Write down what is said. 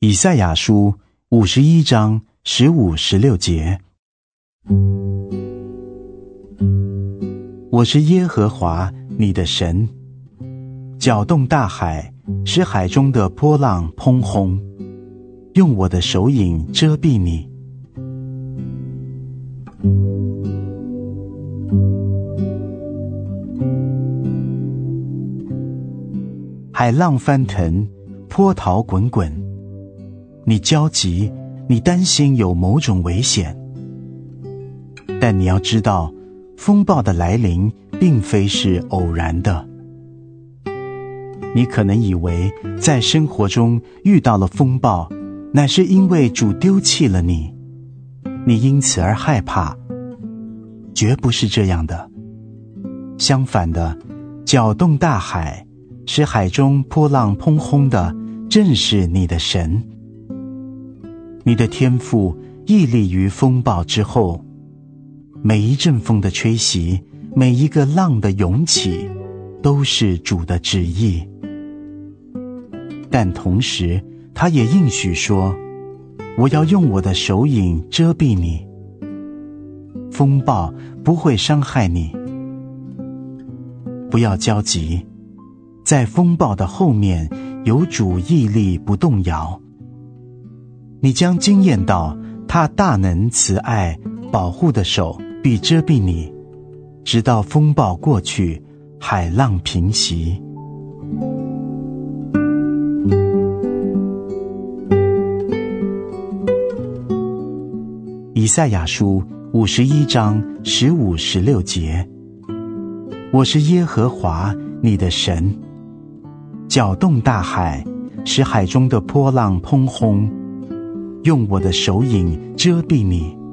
以賽亞書五十一章十五、十六節：我是耶和華你的神，攪動大海，使海中的波浪匉訇；用我的手影遮蔽你，海浪翻騰，波濤滾滾。你焦急，你擔心有某種危險，但你要知道，風暴的來臨並非是偶然的。你可能以為在生活中遇到了風暴，乃是因為主丟棄了你，你因此而害怕，絕不是這樣的。相反的，攪動大海，使海中波浪匉訇的，正是你的神。你的天賦屹立於風暴之後，每一陣風的吹襲，每一個浪的湧起，都是主的旨意。但同時，他也應許說：“我要用我的手影遮蔽你，風暴不會傷害你。不要焦急，在風暴的後面，有主屹立不動搖。”你將經驗到他大能慈愛保護的手，必遮蔽你，直到風暴過去，海浪平息。以賽亞書五十一章十五十六節：我是耶和華你的神，攪動大海，使海中的波浪匉訇。用我的手影遮蔽你。